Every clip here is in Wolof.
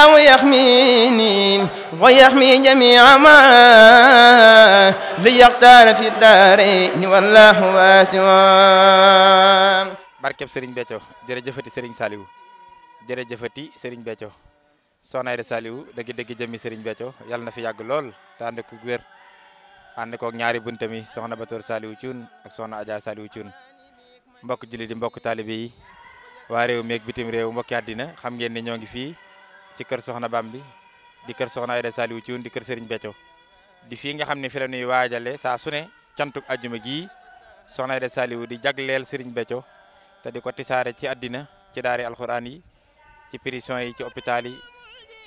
الله يحميني ويحمي جميع ما ليختار في الدارين والله واسع barkeb Serigne Béthio jërëjëfati Serigne Saliou jërëjëfati Serigne Béthio soxna Aida Saliou dëgg-dëgg jëmmi Serigne Béthio yàlla na fi yàgg lool te ànd ko wér ànd koog ñaari buntami soxna Batoor Saliou Thioune soxna Adja Saliou Thioune mbokk julli di mbokk taalibe yi waa réew bitim réew mbokki àddina xam ngeen ni ñoo ngi fii ci kër Soxna Bam bi di kër Soxna Ayda ci Thioune di kër Serigne Béthio di fii nga xam ne fi la ñuy waajale saa sune ne cantuk ajuma gii Soxna Ayda Saliou di jagleel Serigne Béthio te di ko tisaare ci àddina ci daari alxuraan yi ci prison yi ci hôpital yi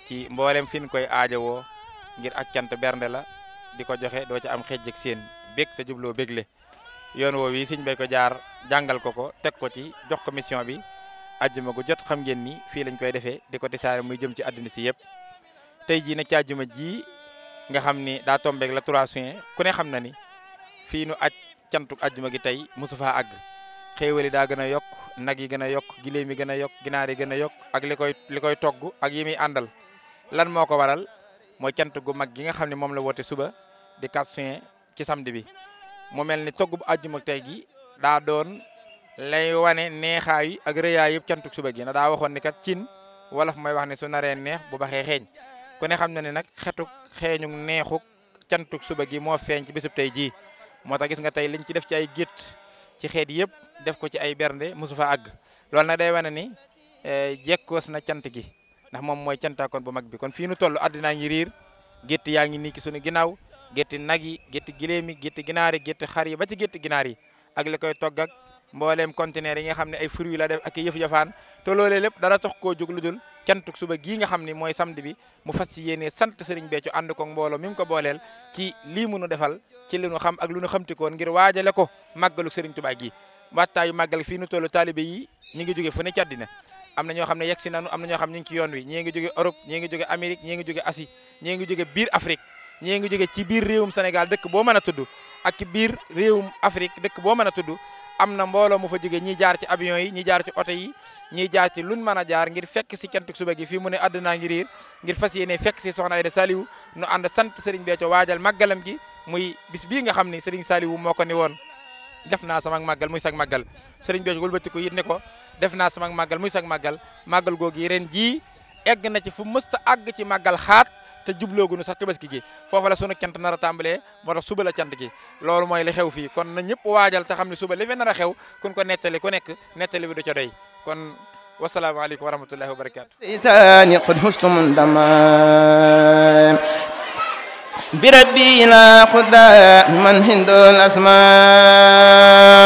ci mboolem fi ñu koy aajowoo ngir ak cant bernde la di ko joxe doo ci am xeej ak seen bég te jubloo bégle yoon woowu yi sëñ bi ko jaar jàngal ko ko teg ko ci jox ko mission bi ajjuma gu jot xam ngeen ni fii lañ koy defee di ko tisaare muy jëm ci àddina si yëpp tey jii nag ci ajjuma ji nga xam ni daa tombeek la 3 juin ku ne xam na ni fii nu aj cantuk ajjuma gi tey mosu faa àgg xéewali daa gën a yokk nag yi gën a yokk giléem yi gën a yokk ginaar yi gën a yokk ak li koy li koy togg ak yi muy àndal lan moo ko waral mooy cant gu mag gi nga xam ne moom la woote suba di 4 juin ci samedi bi mu mel ni togg bu àjjuma tey gi daa doon lay wane neexaay yi ak rëyaay yëpp cantuk suba gi na daa waxoon ni kat cin wolof may wax ne su naree neex bu baxee xeeñ kone xam na ne nag xetuk xeeñu neexuk cantuk suba gi moo feeñ ci bésub tey jii moo tax gis nga tey liñ ci def ci ay gétt ci xeet yëpp def ko ci ay bernde mosu fa àgg loolu nag day wane ni eh, jekkoos na cant gi ndax moom mooy cantaakoon bu mag bi kon fii nu toll àddinaa ngi riir gétt yaa ngi nii sunu ginnaaw gétti nag yi gétti giléem yi gétti ginaar yi gétti yi ba ci gétti ginaar yi mbooleem conteneur yi nga xam ne ay fruits la def ak yëfu jafaan te loolee lépp dara tax koo jóg lu dul cantuk suba gii nga xam ni mooy samedi bi mu fas ci yéenee sant Serigne Béthio ànd ko mboolo mi ko booleel ci lii mu nu defal ci li nu xam ak lu nu xamtikoon ngir waajale ko màggalu Serigne yi gi wattaayu màggal fii nu tollu taalibe yi ñu ngi jóge fu ne ci am na ñoo xam ne yegg si nanu am na ñoo xam ñu ci yoon wi ñii ngi jóge Europe ñii ngi jóge Amérique ñii ngi jóge Asie ñii ngi jóge biir Afrique ñii ngi jóge ci biir réewum Sénégal dëkk boo mën a tudd ak ci biir réewum Afrique dëkk boo mën a tudd am na mbooloo mu fa jóge ñi jaar ci avion yi ñi jaar ci oto yi ñi jaar ci luñ mën a jaar ngir fekk si cantuk suba gi fii mu ne àdduna ngi riir ngir fas yéene fekk si soxna Aida Saliou nu ànd sant Serigne Béthio waajal màggalam gi muy bis bii nga xam ni Serigne Saliou moo ko ni woon def naa sama màggal muy sag màggal Serigne Béthio wëlbatiku yit ne ko def naa sama màggal muy sag màggal màggal googu ren jii egg na ci fu mësta àgg ci màggal xaat te jublooguñu sax tabaski gi foofu la sunu cant nar a tàmbalee moo tax suba la cant gi loolu mooy li xew fii kon na ñëpp waajal te xam ne suba li fi nar a xew kun ko nettali ku nekk nettali bi du ca doy kon wasalaamaaleykum wa rahmatullahi wa barakaatu seytaani qad hustum dama بربي لا خدا من هند الأسماء